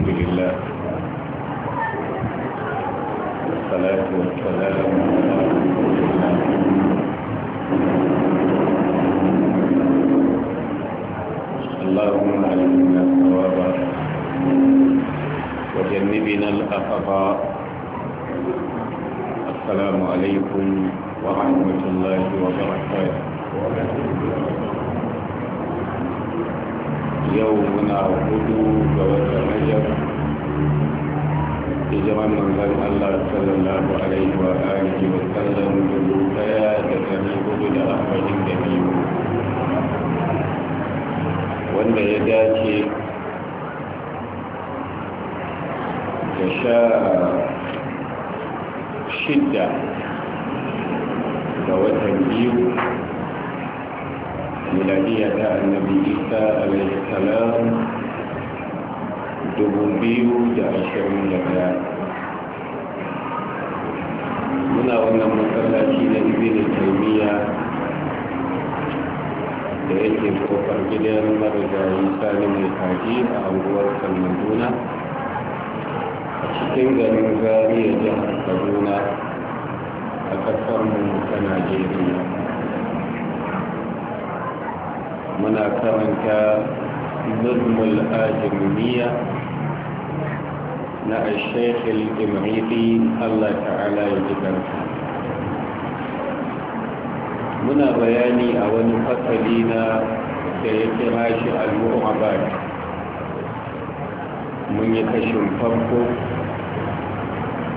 الحمد لله والصلاة والسلام على رسول الله اللهم علمنا الصواب وجنبنا الأخطاء السلام عليكم ورحمة الله وبركاته yau muna hudu ga watan rajab hijiran manzon Allah sallallahu alaihi wa alihi wa sallam dubu daya da dari hudu da arba'in da biyu wanda ya dace da sha shidda ga watan biyu ميلادية النبي عيسى عليه السلام دبوبيو دا muna wannan masallaci na ibn taymiya da yake kofar gidan marigayi sani mai kaji a anguwar kalmaduna a cikin garin zariya jihar kaduna a kasar mu ta najeriya muna karanta nazmul ajamiya na al-sheikh al Allah ta'ala ya ji muna bayani a wani fasali na da ya kira shi al-mu'abat mun yi kashin farko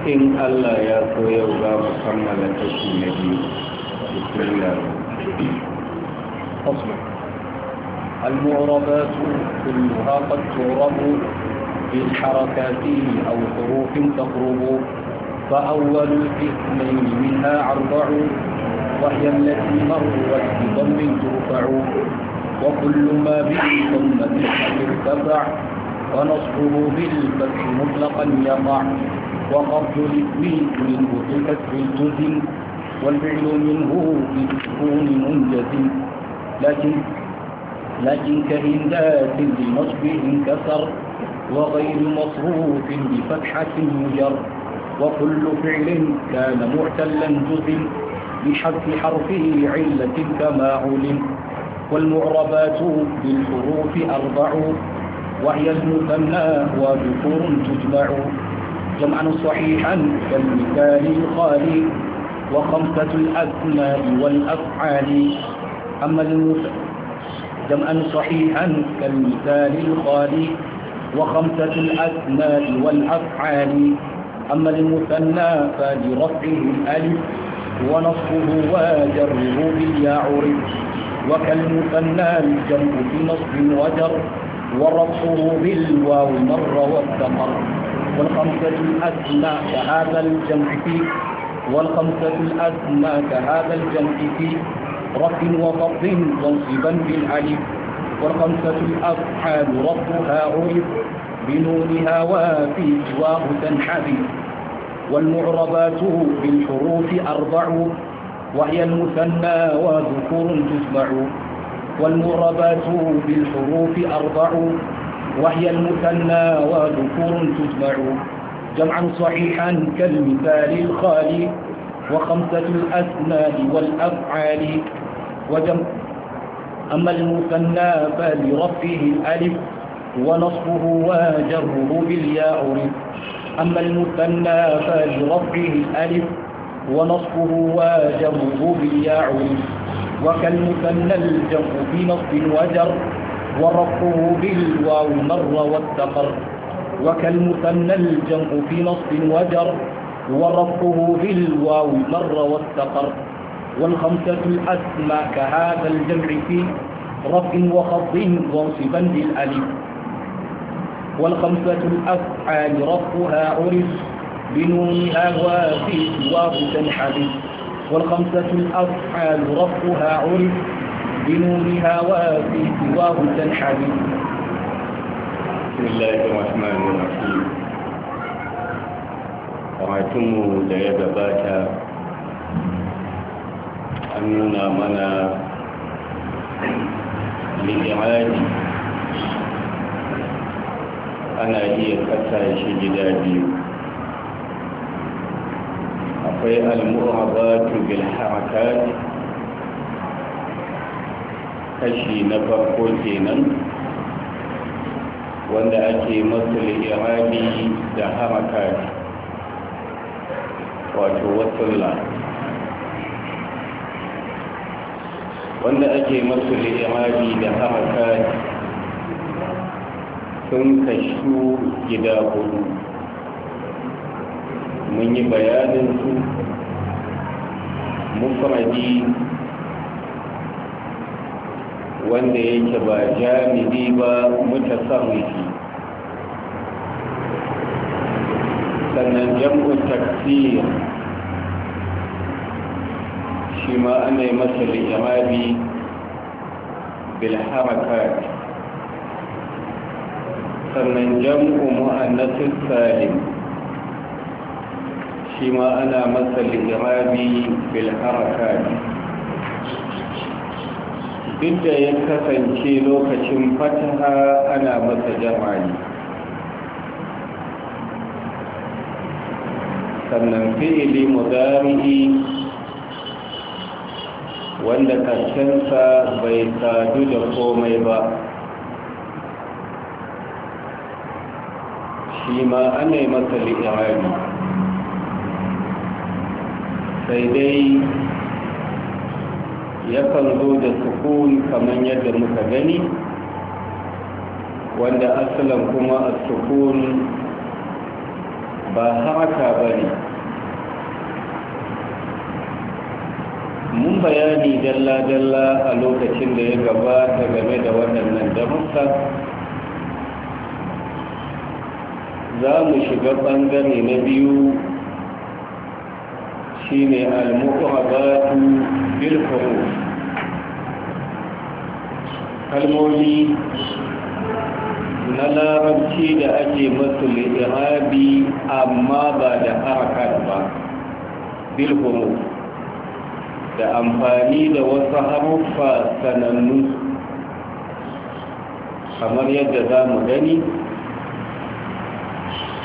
in Allah ya so yau za mu kammala kashi na biyu bismillah المعربات كلها قد تعرب حركاته أو حروف تقرب فأول الاثنين منها أربع وهي التي مرت بضم ترفع وكل ما بالضمة ارتفع ونصبه بالفتح مطلقا يقع وقبض الاسم منه بكسر الجزم والفعل منه بسكون منجز لكن لكن كهندات بنصب انكسر وغير مصروف بفتحة مجر وكل فعل كان معتلا جزم بحذف حرفه علة كما علم والمعربات بالحروف أربع وهي المثنى وذكور تجمع جمعا صحيحا كالمثال الخالي وخمسة الأسماء والأفعال أما المثنى جمعا صحيحا كالمثال الخالي وخمسة الأسماء والأفعال أما المثنى فلرفعه الألف ونصبه وجره عرف وكالمثنى الجمع بنصف وجر ورفعه بالواو مر واستمر والخمسة الأسماء كهذا الجمع فيه والخمسة الأسماء كهذا الجمع فيه رب وفرض منصبا بالعلم والخمسة الأفحال ربها عرف بنونها وافي سواه تنحبي والمعربات بالحروف أربع وهي المثنى وذكور تسمع والمعربات بالحروف أربع وهي المثنى وذكور تسمع جمعا صحيحا كالمثال الخالي وخمسة الأسماء والأفعال وجمع أما المثنى فلرفه الألف ونصبه وجره بالياء أما المثنى فلرفه الألف ونصبه وجره بالياء وكالمثنى الجمع في نصب وجر ورفه بالواو مر واستقر وكالمثنى الجمع في نصب وجر ورفه بالواو مر واستقر والخمسة الأسمى كهذا الجمع في رفع وخفض منصبا للألف والخمسة الأفعال رفعها عرف بنونها وفي واو تنحدث والخمسة الأفعال رفعها عرف بنونها وفي واو تنحدث بسم الله الرحمن الرحيم karatunmu da ya gabata an nuna mana li'irari ana iya kasa shi gida biyu akwai al-mu'abatu bil harakat kashi na farko kenan wanda ake masu li'irari da harakat wato wasulla wanda ake masu limari da hamaka sun kashu gida hudu mun yi bayanin su mufaradi wanda yake ba jami'i ba mutasarrifi sannan jam'u takfir shi ma ana yi masa lijamabi bilharakat sannan jam'u mu'annasin salim shi ma ana masa lijamabi bilharakat duk da ya kasance lokacin fataha ana masa jama'i sannan fi'ili mudari'i wanda karshensa bai sadu da komai ba shi ma ana yi masa li'irari sai dai yakan zo da sukun kamar yadda muka gani wanda asalin kuma a tukun. ba haraka ba ne mun bayani dalla-dalla a lokacin da ya gabata game da waɗannan damuka za mu shiga ɓangare na biyu shi ne almuhabatu bilfaru kalmomi na larabci da ake masu li'irabi amma ba da harakat ba bilhuru da amfani da wasu haruffa sanannu kamar yadda za mu gani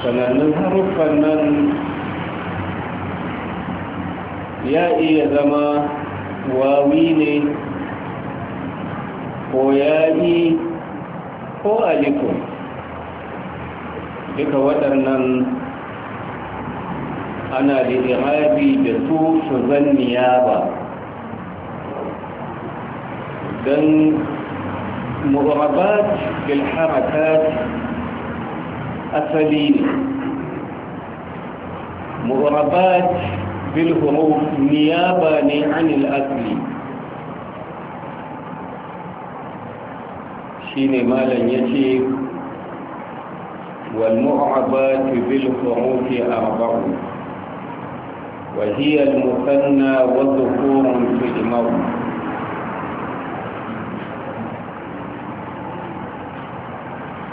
sanannun haruffan nan ya iya zama wawi ne ko ya yi. ko aliku duka waɗannan ana da irabi da su su zanniya ba don mu'arabat bilharakat asali ne mu'arabat bilhuruf niyaba ne anil asali shine malam ya ce wal mu'abat bil khuruf arba'u wa hiya al musanna wa dhukur fi imam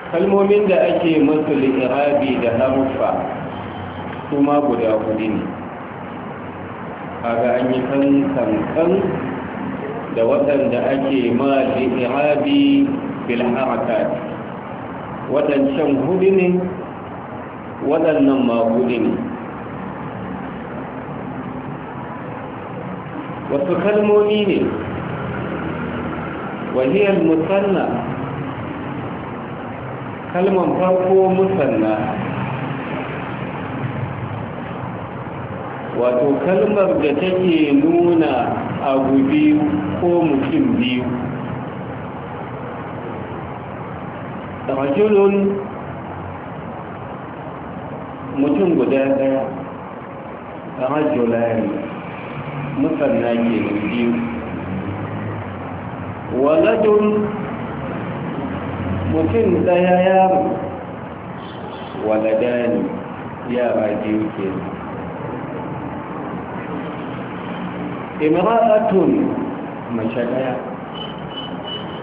kalmomin da ake masu irabi da harfa kuma guda hudu ne a ga an yi kan kan da waɗanda ake ma irabi bil waɗancan hudu ne waɗannan maguɗi ne wasu kalmomi ne wahiyar musanna kalman farko musanna wato kalmar da take nuna abu biyu ko mutum biyu رجل متن قدادة رجلان متناجين فيه ولد متن ديار ولدان يا راجل كيف امرأة مشلاء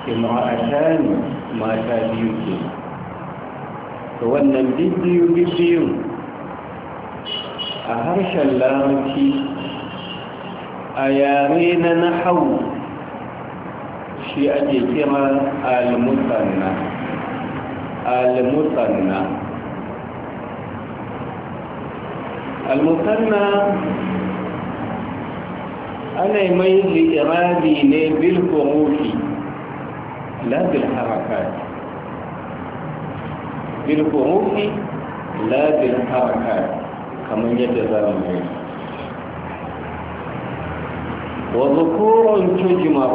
امرأتان mata biyu ke to wannan bibbiyu bibbiyun a harshen larabci a yare na nahau shi ake kira al-musanna al-musanna al-musanna ana mai ne bil لا بالحركات بالحروف لا بالحركات كما يجزى من وذكور تجمع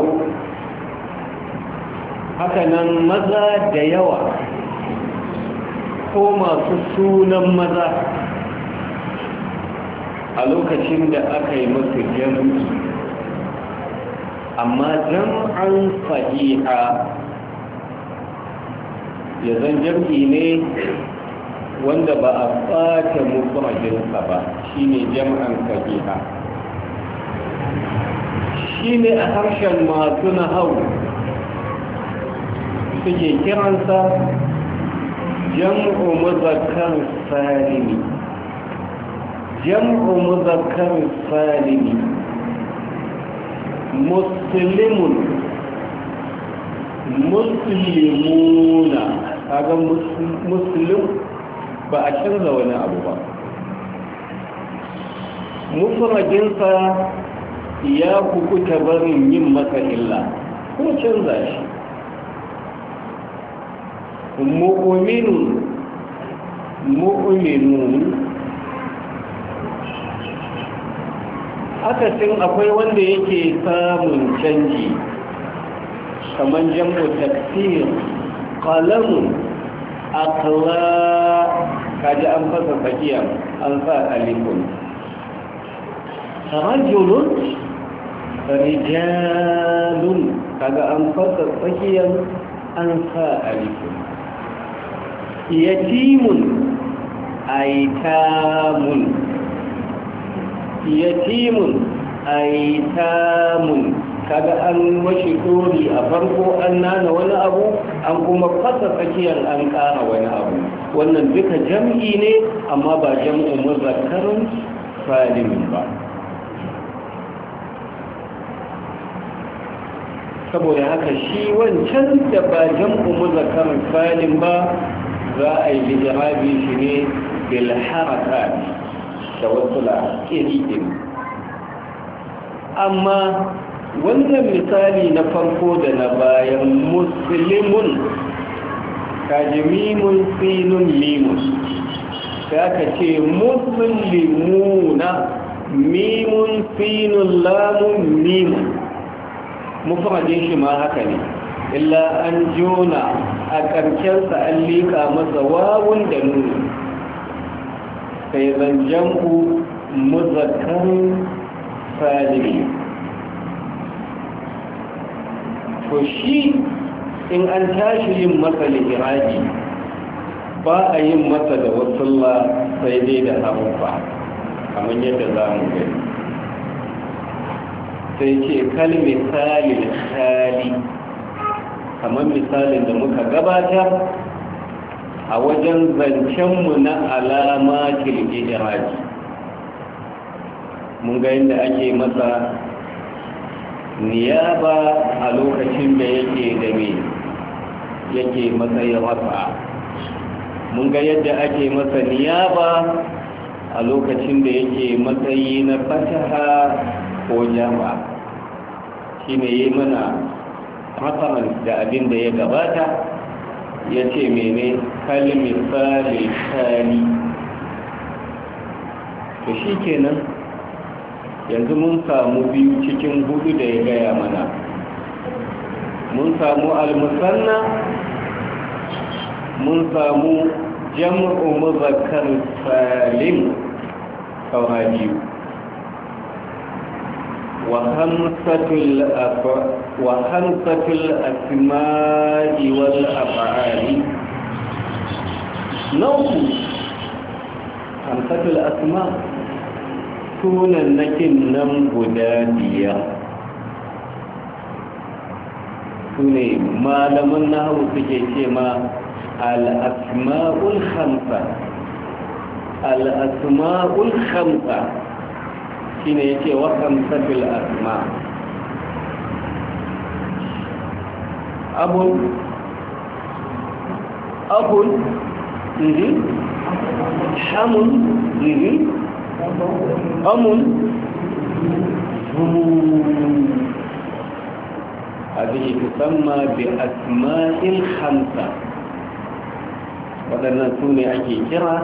هكذا مزا ديوى ko masu sunan maza a lokacin da aka yi masu jami'i amma jam'an sahiha ya zan jam'i ne wanda ba a ɓata mutumajinsa ba shi ne jam'an sahiha shi ne a harshen masu na hau suke kiransa jam'u mazakar salimi jam'u mazakar salimi muslimun muslimuna kaga muslim ba a canza wani abu ba mufrajinsa ya kukuta barin yin masa illa ko canza shi mu'minun mu'minun akasin akwai wanda yake samun canji kamar jambo tafsir kalamun akala kaji an fasa fakiyar an sa Kamar rajulun rijalun kaga an fasa fakiyar an sa alikun yatimun aitamun yatimun aitamun kaga an washe dori a farko an nana wani abu an kuma fasa tsakiyar an kara wani abu wannan duka jam'i ne amma ba jam'in muzakkarin salimin ba saboda haka shi wancan da ba jam'in muzakkarin salim ba za a yi jirabi shi ne bilharakat da wasula iri-iri amma wannan misali na farko da na bayan musulmin kajimimin sinun mimun ta ka ce na mimun sinun lamun mimun mufamadin shi ma haka ne illa an jona a ƙarshensa an liƙa masa wawun da nuna zan zanjanku muzakarin salibi to shi in an tashi yin masa iraki ba a yin masa da wasulla sai dai da abubuwa kamar yadda za mu gani sai ce kalmi tsali kamar misalin da muka gabatar a wajen zancenmu na alama kirgin iraki mun ga yadda ake masa niyaba a lokacin da yake da me yake matsayin wasa mun ga yadda ake masa niyaba a lokacin da yake matsayi na fataha ko jama shi ne yi mana matsalar da abin da ya gabata ya ce mene kalmifali shani ta shi kenan yanzu mun samu biyu cikin hudu da ya gaya mana mun samu almusanna mun samu jam'u muzakkar salim kawai biyu وخمسة الأف... وخمسة الأسماء والأفعال نوم خمسة الأسماء سونا نكن نم بدادية سوني ما لم نهو سجيشما الأسماء الخمسة الأسماء الخمسة shine yake wakan safil asma abun abun ndi hamun ndi amun هذه تسمى بأسماء الخمسة waɗannan su ne كرة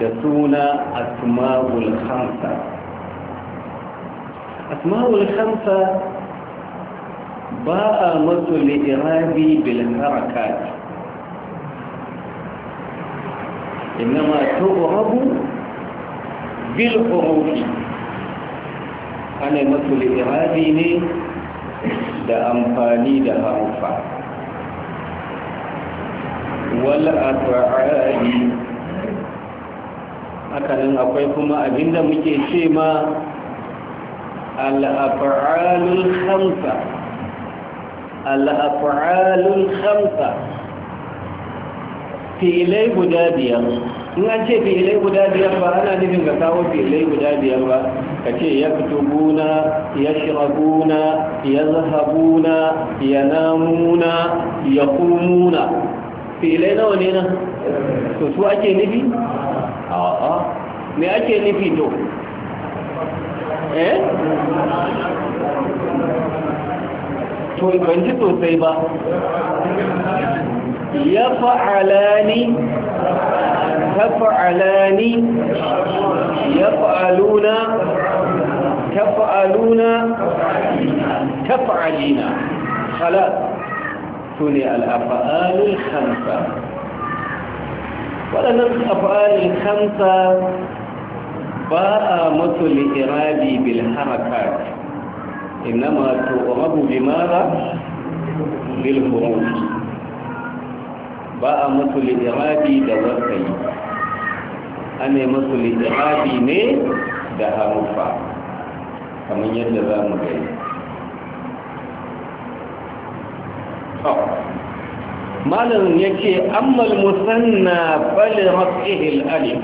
da suna asma'ul hamsa asma'ul hamsa ba a masu li'irabi bil harakat إنما تغرب Ana أنا مثل ne da amfani da harufa wal af'ali hakanan akwai kuma abinda muke ce ma al'afa'alul hamsa al'afa'alul hamsa Filai guda biyar in an ce filai guda biyar ba ana nufin ka kawo filai guda biyar ba ka ce ya guna, ya guna, ya zahabuna ya namuna ya kumuna Filai nawa ne na? su ake nufi me ake nufi to eh to ban ji sosai ba ya fa'alani tafa'alani ya fa'aluna tafa'aluna tafa'alina halar su ne al'afa'alul hamsa waɗannan afalin kansa ba a masu li'irabi bil ina mato tu'rabu bimara bil ba a masu li'irabi da wasai ana masu li'irabi ne da harufa kamar yadda za mu gani malam yake ammal musanna bali rafihi alif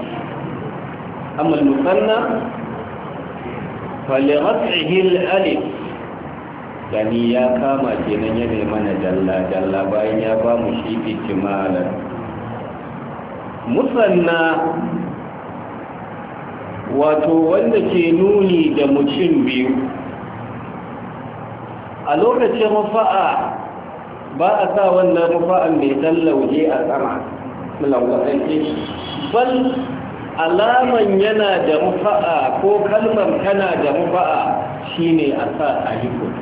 ammal musanna bali rafihi alif gani ya kama kenan ya mana dalla dalla bayan ya ba mu shi ikimalan musanna wato wanda ke nuni da mutum biyu a lokacin rufa'a ba a sa wannan rufa'an mai tallauje a sama mulawwatsance bal alaman yana da rufa'a ko kalmar tana da rufa'a shi ne a sa alifun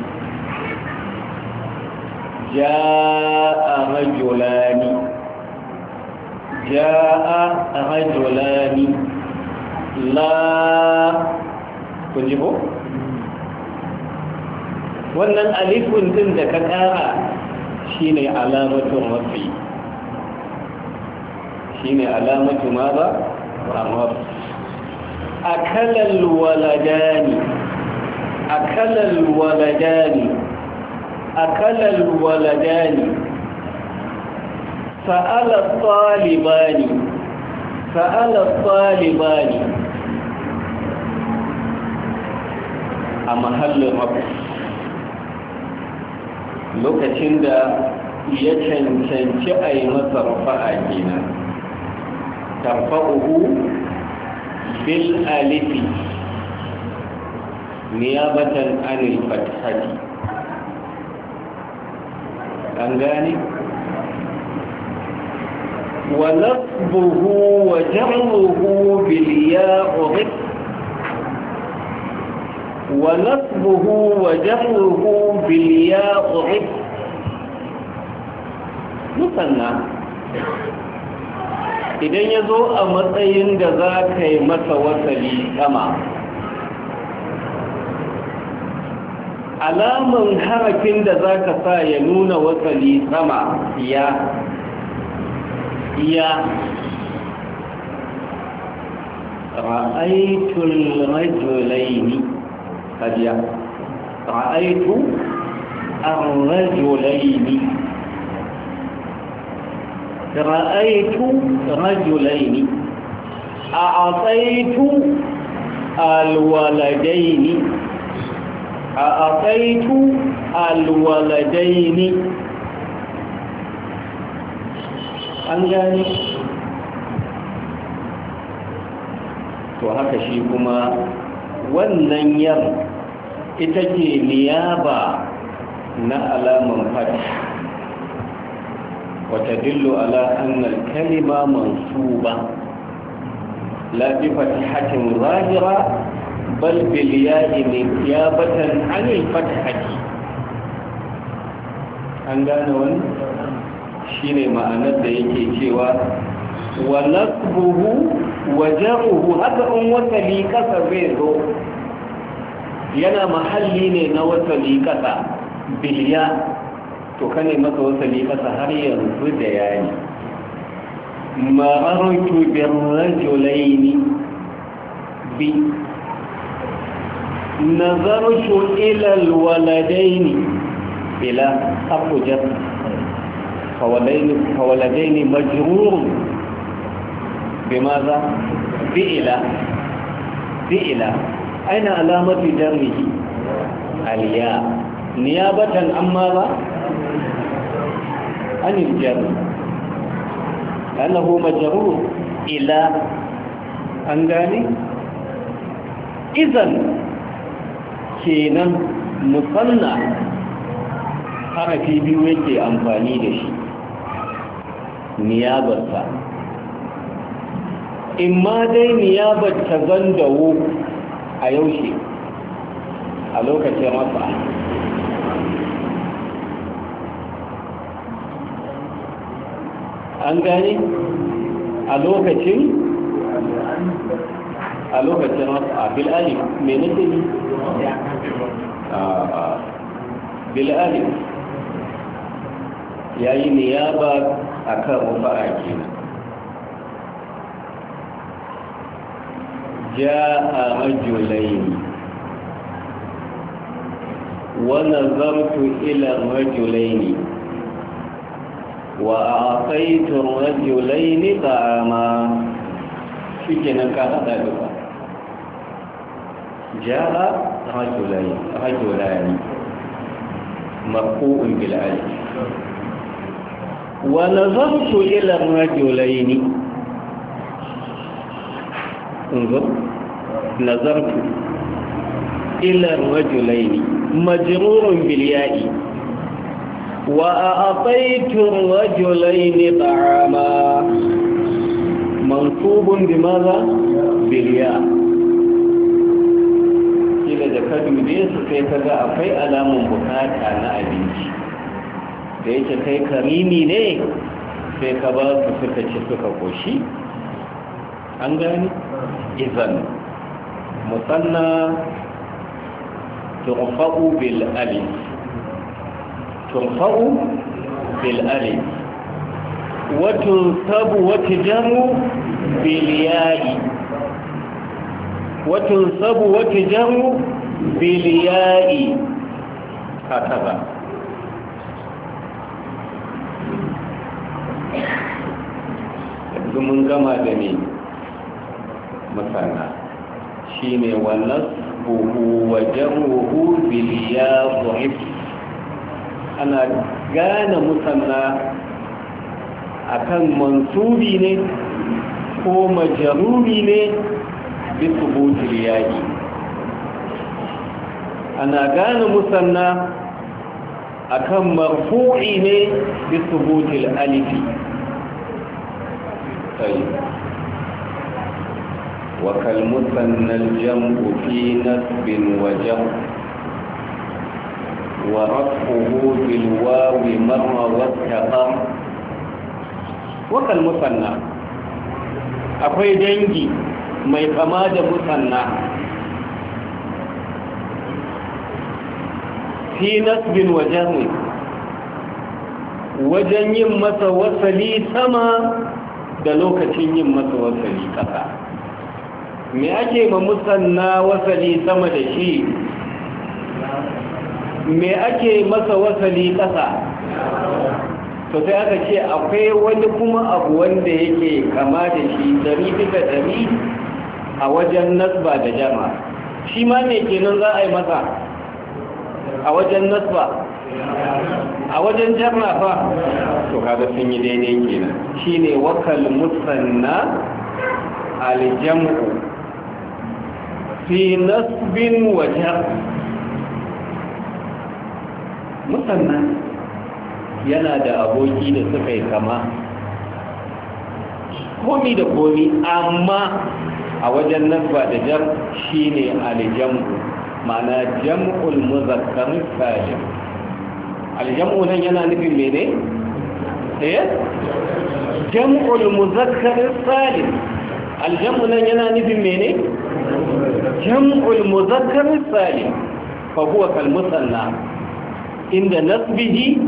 ja'a rajulani ja'a rajulani la kun ji ko wannan alifun din da ka kara shine alamatu rafi shine alamatu ma ba waladani waladani waladani sa'ala talibani talibani a mahallin mafi. lokacin da ya cancanci a yi masa rufa'a kenan tarfa'uhu bil alifi niyabatan anil fathati an gani wa nasbuhu wa jam'uhu bil ya'u ونصبه وجره بالياء عب مثنى idan ya zo a matsayin da za masa wasali sama alaman harakin da za ka sa ya nuna wasali sama ya ya ra'aitul أبيع رأيت الرجلين رأيت رجلين أعطيت الولدين أعطيت الولدين أنجاني وهكذا شيء كما ونن يرد ita ce niyaba na alaman fata wata dillo ala annal kalima mansuba la bi fatihatin zahira bal bil ya'i niyabatan anil fatihati an gane wani shine ma'anar da yake cewa wa nasbuhu wa jar'uhu haka in wata likasa zai zo yana mahalli ne na wasali liƙasa biliya to ka ne maka wasali liƙasa har yanzu da yayi marartu bin rajulaini bi nazartu ila alwaladaini ila afujat فولدين فولدين مجرور بماذا بإله بإله aina alamatu jarrihi aliya niyabatan amma ba anil jarri annahu majrur ila an gane idan kenan musanna harafi biyu yake amfani da shi niyabarsa imma dai niyabar ta zandawo a yaushe a lokacin wasa an gani a lokacin a lokacin wasa bil'ali mai nufin bil'alif ya yi niyaba a kan a kenan جاء رجلين ونظرت إلى الرجلين وأعطيت الرجلين طعاما شكنا كهذا جاء رجلين رجلان مرفوع بالعلم ونظرت إلى الرجلين ngo nazartu ila rajulaini majrurun bil ya'i wa a'taytu rajulaini ta'ama mansubun bi madha bil ya' ila jakadum bi yasu sai kaga akwai alamun bukata na abinci da yake kai karimi ne sai ka ba su suka ci an gani izan musanna turfa'u bil alif turfa'u bil alif wa tunsabu wa tujaru bil ya'i wa tunsabu gama da مثنى شين ونصبه وجره بالياء ana gane كان مثنى أكن منصوبي ne ko majaruri ne bisu butul yayi ana gane musanna akan marfu'i ne bisu butul alifi وكالمثنى الجمع في نسب وجمع ورفعه بالواو مر واتقى وكالمثنى akwai dangi mai kama da musanna fi nasbin wajen ne wajen yin masa wasali sama da lokacin yin masa wasali kasa me ake ma musanna wasali sama da shi me ake masa wasali ƙasa to sai aka ce akwai wani kuma abu wanda yake kama da shi dari bisa dari a wajen nasba da jama shi ma ne kenan za a yi masa a wajen nasba a wajen jama fa to kada sun yi daidai kenan ne wakal musanna aljamu fi nasbin wajar musamman yana da aboki da suka yi kama komi da komi amma a wajen nasba da jar shi ne aljamu mana jam'ul muzakkar salim aljamu nan yana nufin mene? eh jam'ul muzakkar salim aljamu nan yana nufin mene? jam'ul muzakar salim fa huwa kal musanna inda nasbihi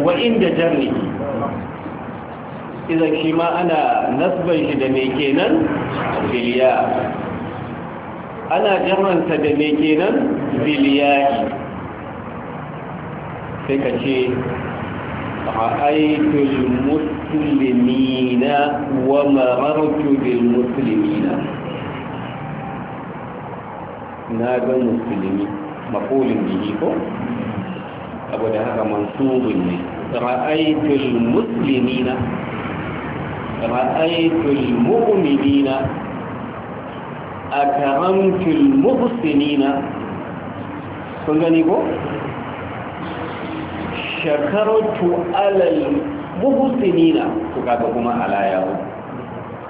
wa inda jarrihi idan shi ma ana nasban shi da mai kenan biliya ana jarransa da mai kenan biliyahi sai ka ce ra'aytul muslimina wa marartu bil muslimina na ga musulmi maƙulin bihi ko abu da haka mansubin ne ra'aitul muslimina ra'aitul mu'minina akaramtul muhsinina kun gani ko shakartu alal muhsinina ku kaga kuma ala yawo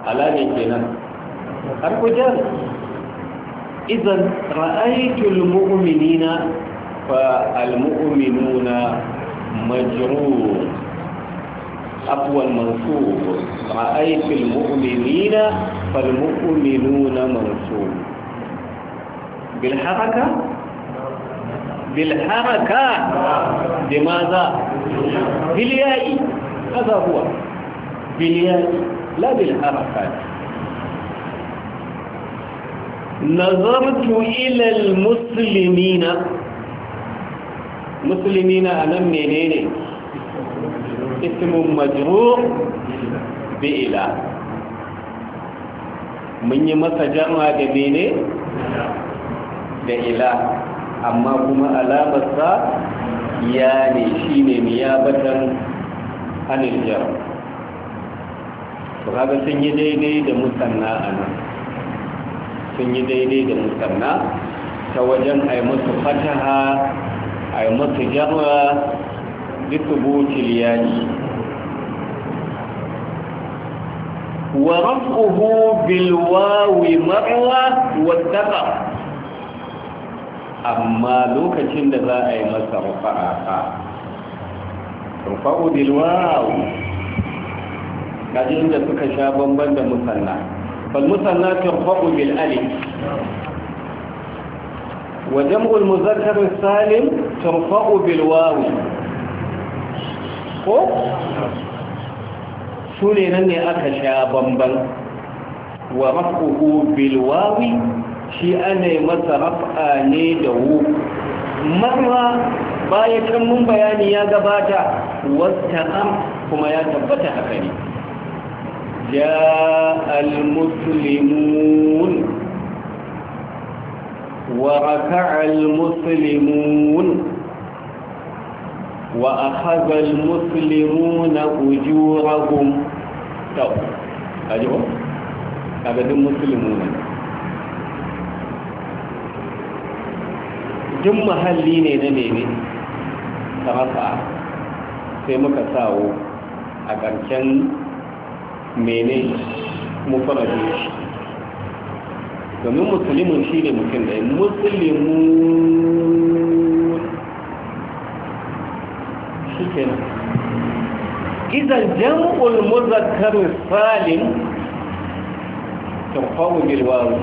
ala ne kenan har ku jar إذا رأيت المؤمنين فالمؤمنون مجرور أقوى المنصوب رأيت المؤمنين فالمؤمنون منصوب بالحركة بالحركة لماذا بالياء هذا هو بالياء لا بالحركات nazartu ilal muslimina muslimina a nan menene ismin majrur bi ila mun yi masa jama da mene da ila amma kuma alamarsa ya ne shi ne miyabatan hannun jar su sun yi daidai da musamman a nan sun yi daidai da musanna ta wajen a yi fataha a yi musu jama litubutil yaji wa rafuhu bil wawi marwa wa taqa amma lokacin da za a yi masa rufa'a ka rufa'u bil wawi kaji inda suka sha bambam da musanna فالمثنى ترفع بالالف وجمع المذكر السالم ترفع بالواو ko su ne nan ne aka sha bamban wa rafuhu bilwawi shi ana masa rafa ne da wu marra bayan mun bayani ya gabata wata am kuma ya tabbata haka ne جاء المسلمون وركع المسلمون وأخذ المسلمون أجورهم تو أجوا أبدا المسلمون جمع mahalli ne ترفع neme ta rasa كان mene mufaradi shi domin musulmin shi ne mutum da musulmin shi ke nan izan jam'ul muzakkarin salim tafawo bilwaru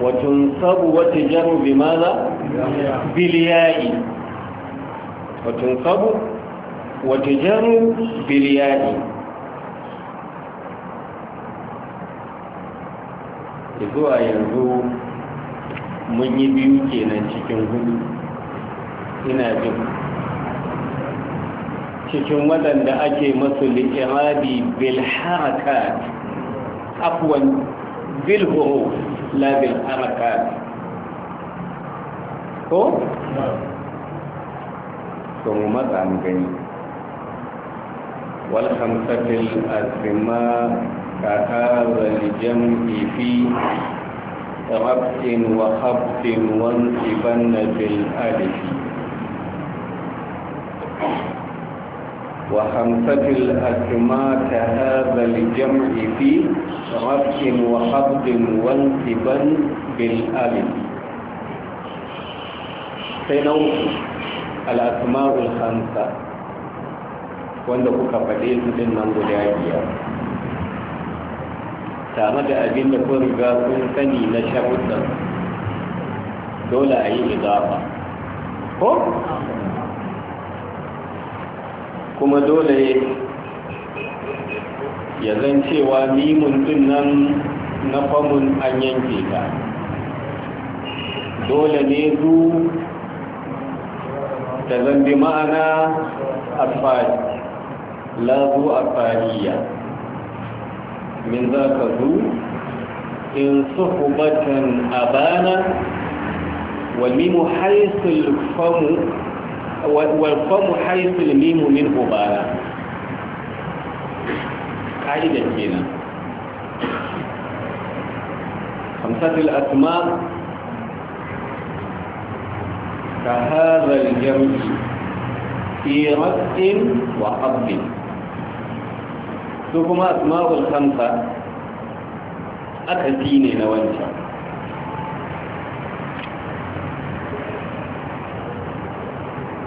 وتنصب وتجر بماذا بالياء وتنصب وتجر بالياء zuwa yanzu mun yi biyu kenan cikin hudu ina jin cikin waɗanda ake masu li'irabi bil harakat afwan bil huruf la bil harakat ko to mu matsa mu gani wal khamsatil كهذا الجمع في ربط وخبط وانتبن بالألف وخمسة الأسماء كهذا الجمع في ربط وخبط وانتبن بالألف سنو الأسماء الخمسة wanda kuka faɗe su din nan guda biyar tare da abin da kun riga kun sani na sharuɗin dole a yi izafa ko kuma dole ya zan cewa mimun din nan na famun an yanke ta dole ne zu da zambi ma'ana lagu a asfaliya من ذاك ذو إن صحبة أبانا والميم حيث الفم والفم حيث الميم من أبانا قاعدة هنا خمسة الأسماء كهذا الجمع في رد وقبل su kuma asma'ul hamsa akasi ne na wancan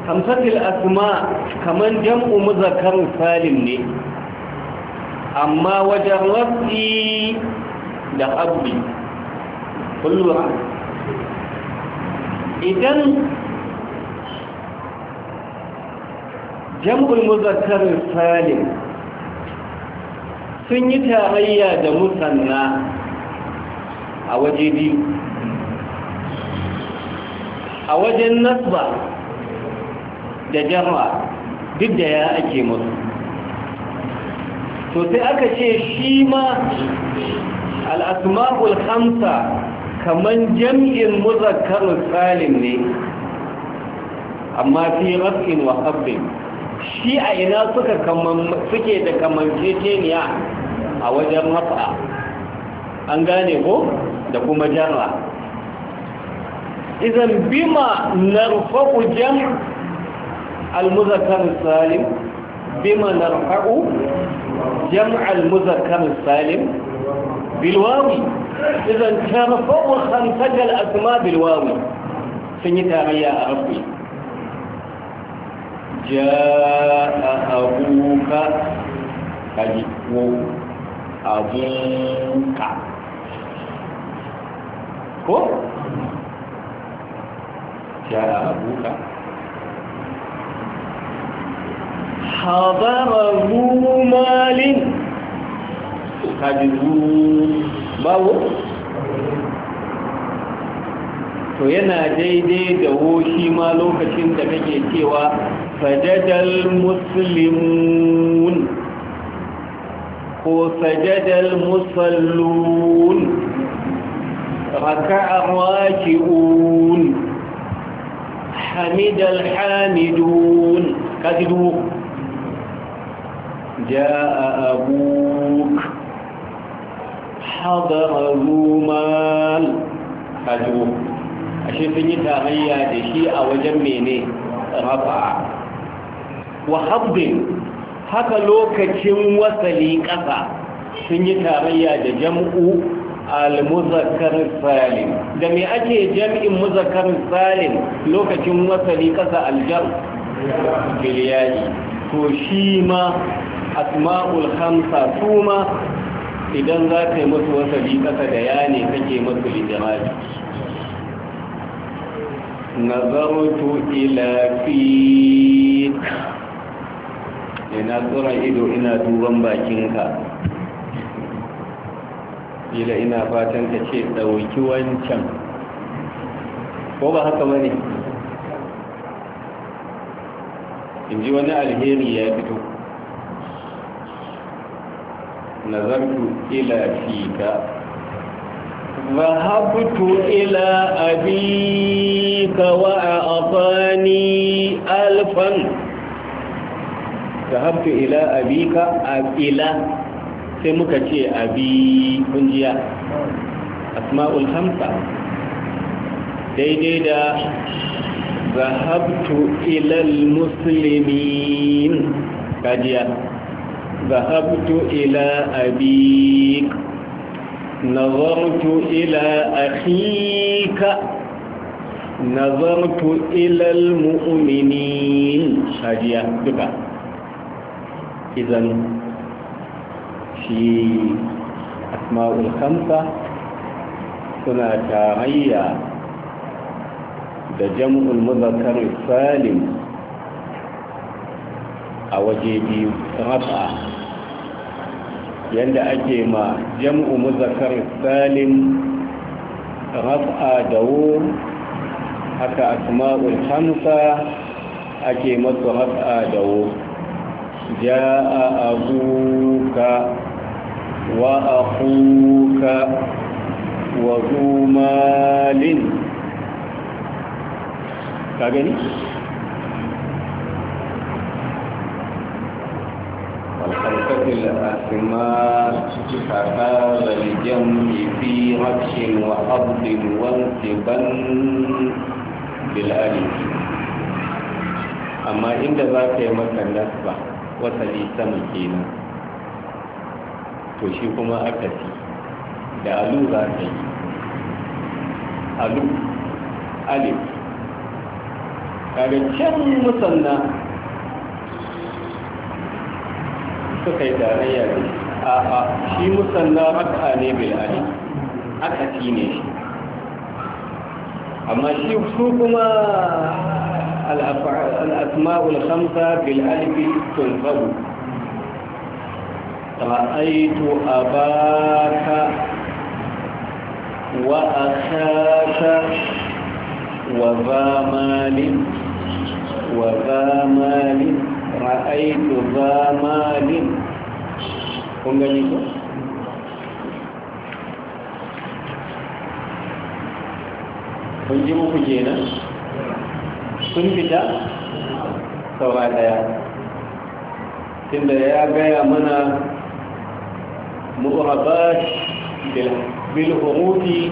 hamsatul asma kamar jam'u muzakkar salim ne amma wajen rafi da abdi kullum idan jam'ul muzakkar salim sun yi tarayya da musanna a waje biyu a wajen nasba da jama duk da ya ake musu to sai aka ce shi ma al'asma'ul hamsa kamar jam'in muzakkarun salim ne amma fi rafin wa shi a ina suke da kamanceceniya a wajen rafa an gane ko da kuma jarra idan bima narfa'u jam al-muzakkar salim bima narfa'u jam al-muzakkar salim bilwawi idan tarfa'u khamsata al-asma bilwawi sun yi tarayya a rafi ja'a abuka kaji wow abunka ko ya abuka حضر ذو مال kaji bawo to yana daidai da shi ma lokacin da kake cewa fadadal muslimun فسجد المصلون ركع الراكعون حمد الحامدون كذبوا جاء أبوك حضر ذو مال كذبوا أشي سني تغيى دشي أو جميني رفع وحفظ haka lokacin wasali ƙasa sun yi tarayya da jam'u al muzakar salim da me ake jam'in muzakar salim lokacin wasali ƙasa aljam biliyani Ko shi ma asma'ul hamsa su ma idan za ka yi musu wasali ƙasa da ya ne kake musu lijamali nazartu إلى فيك Eh, na tsura ido ina duban bakinka ila ina fatan ka ce ɗauki wancan ko ba haka ba ne in ji wani alheri ya fito nazartu ila fi ka. fika ka wa a afani ألفاً zahabtu ila abika ila sai muka ce abi kungiya asma'ul hamsa daidai da zahabtu ilal muslimin kajiya zahabtu ila abik nazartu ila akhika nazartu ilal mu'minin kajiya duka idan shi asma'ul kamsa suna tarayya da jam'ul muzakkar salim a waje biyu rafa yadda ake ma jam'u muzakkar salim rafa da wuri haka asma'ul ake masu rafa da جاء أبوك وأخوك وذو مال كاغني والحركة الأسماء فهذا الجمع في ركش وأرض وانتبا بالألف أما عند ذاك يمكن نسبة wasali sama kenan to shi kuma aka akasi da alu za ta yi alu alif ƙarancen musanna suka yi tarayya ne a a shi musanna raka ne bai alif akasi ne shi amma shi su kuma الأسماء الخمسة بالألف تنفذ رأيت أباك وأخاك وذا مال وذا مال رأيت ذا مال هم kun ji sun fita saura daya tunda ya gaya mana mu'rabat bil hurufi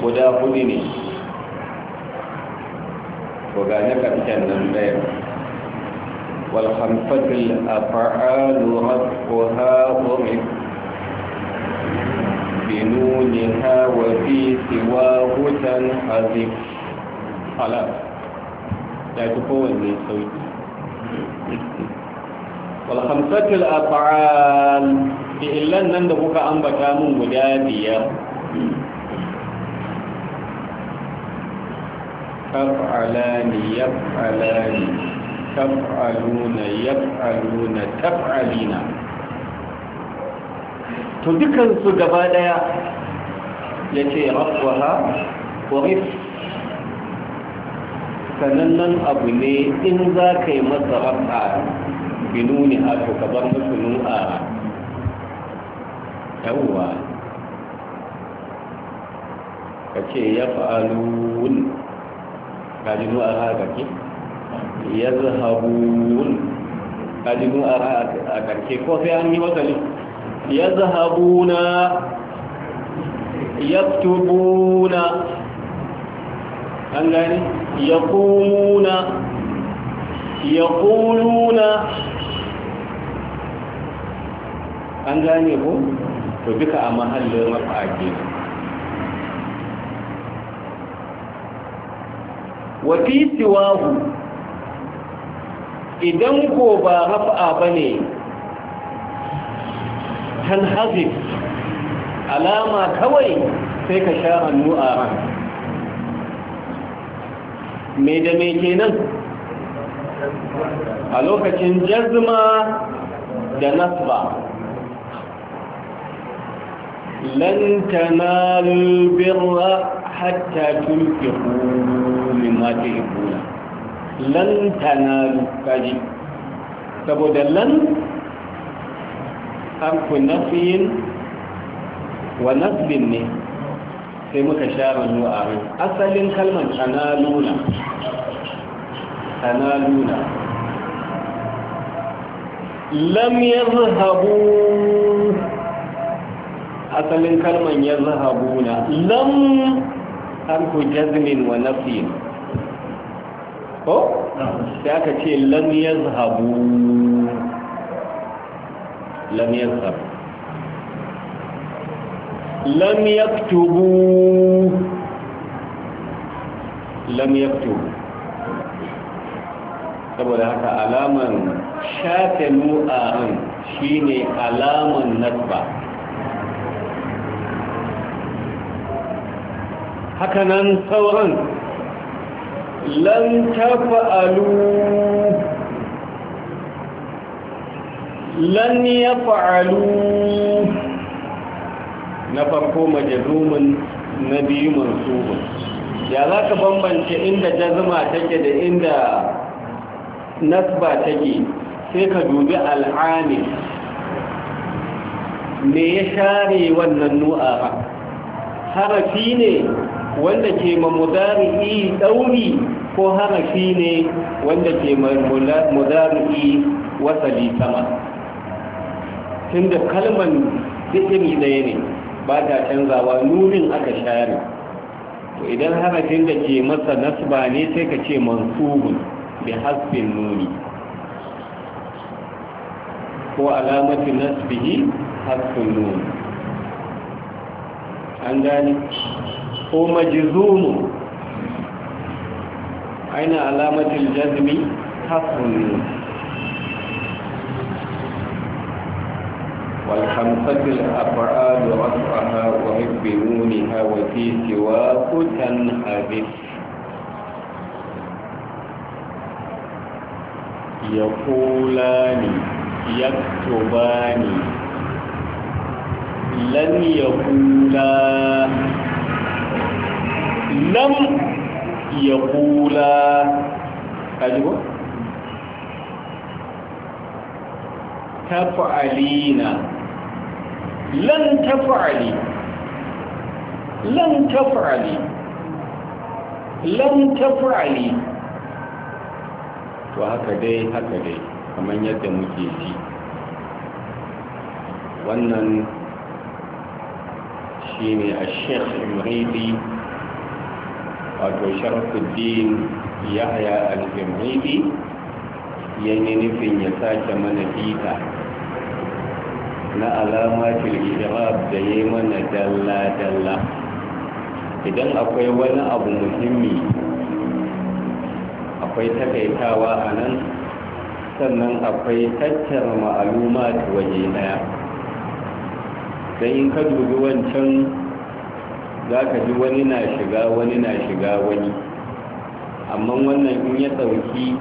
guda hudu ne ko ga na karshen nan daya wal khamsatul af'alu rabbuha urif binuniha wa fi siwa خلاص يعني تكون اللي يسوي والخمسة الأفعال في إلا نندبك أن بكى من تفعلان يفعلان تفعلون يفعلون تفعلين تذكر سجبالا يتي رفوها ورفت Sannan nan abu ne in za ka yi masa raka binuni a to ka bar masa nuna yawwa ka ce ya fa'alun kaji nuna a ƙarƙe ya zahabu zahabun kaji nuna a ƙarƙe ko sai an yi matsali ya zahabu zahabuna ya na. an gani yaquluna yaquluna an gani ko to duka a mahallin rafa'a kenan wa fi siwahu idan ko ba rafa'a bane tan hazif alama kawai sai ka sha hannu a ran Mai da me kenan a lokacin jazma da nasba lan tanalul hatta tunfiqu mimma tuhibbuna lan tanalu kaji saboda lan harfu nafiyin wa nasbin ne sai muka share manu a rai asalin kalmar Tana kanaluna lam ya yazhabu asalin kalmar na. lam harfu jazmin wa nafiyin ko? sai aka ce lam yazhabu lam yazhabu lam yaktubu lam yaktubu saboda haka alaman shafe nu'a'in shine alaman nasba hakanan sauran lan tafa'alu lan yafa'alu na farko majazumin na biyu mansubun ya za ka bambance inda jazuma take da inda nasba take sai ka dubi al'ami me ya share wannan nu'a harafi ne wanda ke mamudari'i dauri, ko harafi ne wanda ke mamudari'i wasali sama tun da kalman duk daya ɗaya ne ba ta canzawa nurin aka share to idan harafin da ke masa nasba ne sai ka ce mansubun bi hasbin nuni ko alamatu nasbihi hasbin nuni an gani ko majzumu aina alamatul jazmi hasbin nuni والخمسة الأفعال رفعها وهب بنونها وفي سواك تنحذف يقولان يكتبان لن يقولا لم يقولا أجبه تفعلين lan taf'ali lan taf'ali lan taf'ali to haka dai haka dai kamar yadda muke ji wannan shi ne a sheikh imridi wato sharafuddin yahya al-imridi yayin nufin ya sake mana bita na alamatul ishirab da yi mana dalla-dalla idan akwai wani abu muhimmi akwai takaitawa a nan sannan akwai tattara ma'aluma ta waje daya don ka dubi wancan za ka ji wani na shiga wani na shiga wani amma wannan in ya ɗauki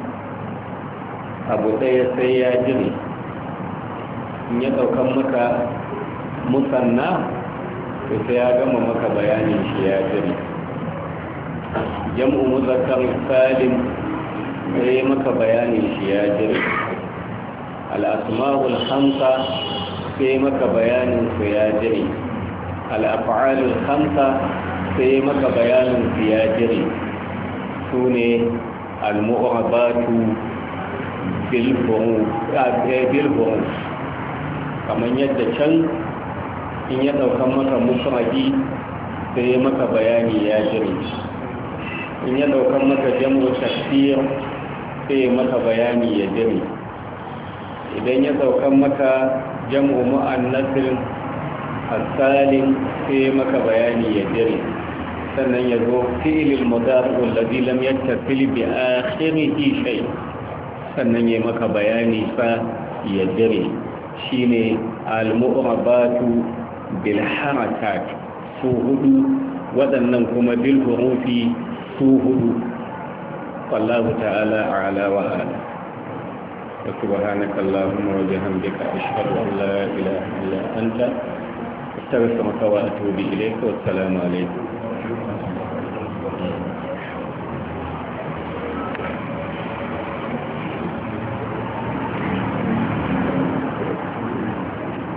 abu ɗaya sai ya jini in ya ɗaukan maka musanna to sai ya gama maka bayanin shi ya gari jam'u muzakkar salim sai maka bayanin shi ya gari al'asma'ul hamsa sai maka bayanin su ya gari al'afa'alul hamsa sai maka bayanin su ya gari su ne al-mu'abatu bilbon kamar yadda can in ya ɗaukan maka mufradi sai ya maka bayani ya jire in ya ɗaukan maka jam'u tafiyar sai ya maka bayani ya jire idan ya ɗaukan maka jam'u mu'annasin asalin sai ya maka bayani ya jire sannan ya zo fi'ilil mudari'ul ladhi lam yattasil bi akhirihi shay sannan ya maka bayani fa ya jire shine al-mu'rabatu bil harakat su hudu wadannan kuma bil hurufi su hudu wallahu ta'ala ala wa ala subhanaka allahumma wa bihamdika ashhadu an la ilaha illa anta astaghfiruka wa atubu ilayka wa assalamu alaykum